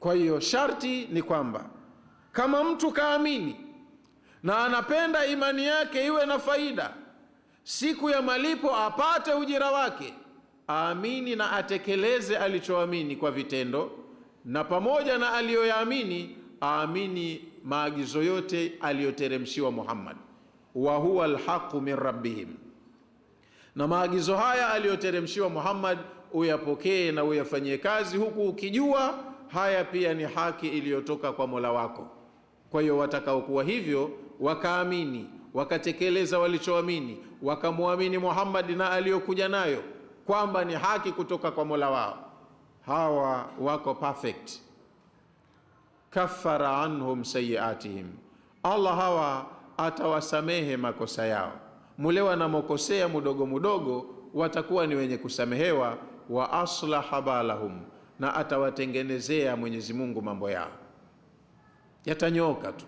Kwa hiyo sharti ni kwamba kama mtu kaamini na anapenda imani yake iwe na faida, siku ya malipo apate ujira wake, aamini na atekeleze alichoamini kwa vitendo, na pamoja na aliyoyaamini aamini maagizo yote aliyoteremshiwa Muhammad, wa huwa alhaqu min rabbihim, na maagizo haya aliyoteremshiwa Muhammad uyapokee na uyafanyie kazi, huku ukijua haya pia ni haki iliyotoka kwa Mola wako. Kwa hiyo watakaokuwa hivyo wakaamini, wakatekeleza walichoamini, wakamwamini Muhammad na aliyokuja nayo kwamba ni haki kutoka kwa Mola wao, hawa wako perfect. Kaffara anhum sayiatihim, Allah hawa atawasamehe makosa yao, mule wanamokosea mudogo mudogo watakuwa ni wenye kusamehewa. Wa aslaha balahum na atawatengenezea Mwenyezi Mungu mambo yao, yatanyooka tu,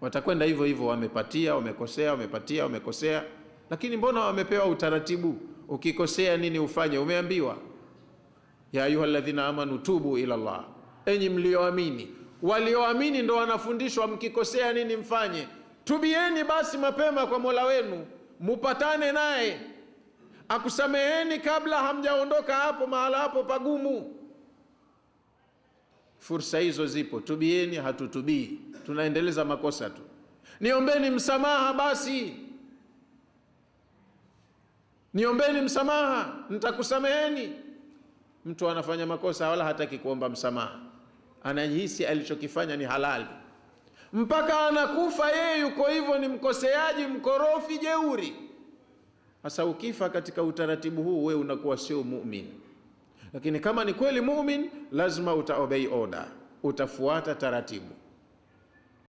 watakwenda hivyo hivyo, wamepatia, wamekosea, wamepatia, wamekosea. Lakini mbona wamepewa utaratibu, ukikosea nini ufanye? Umeambiwa ya ayuha alladhina amanu tubu ila Allah, enyi mlioamini. Walioamini ndo wanafundishwa mkikosea nini mfanye, tubieni basi mapema kwa Mola wenu mupatane naye akusameheni kabla hamjaondoka hapo mahala hapo pagumu. Fursa hizo zipo, tubieni. Hatutubii, tunaendeleza makosa tu. Niombeni msamaha basi, niombeni msamaha, nitakusameheni. Mtu anafanya makosa wala hataki kuomba msamaha, anajihisi alichokifanya ni halali, mpaka anakufa yeye yuko hivyo, ni mkoseaji, mkorofi, jeuri. Sasa ukifa katika utaratibu huu, wewe unakuwa sio muumini. Lakini kama ni kweli mumin, lazima utaobei oda, utafuata taratibu.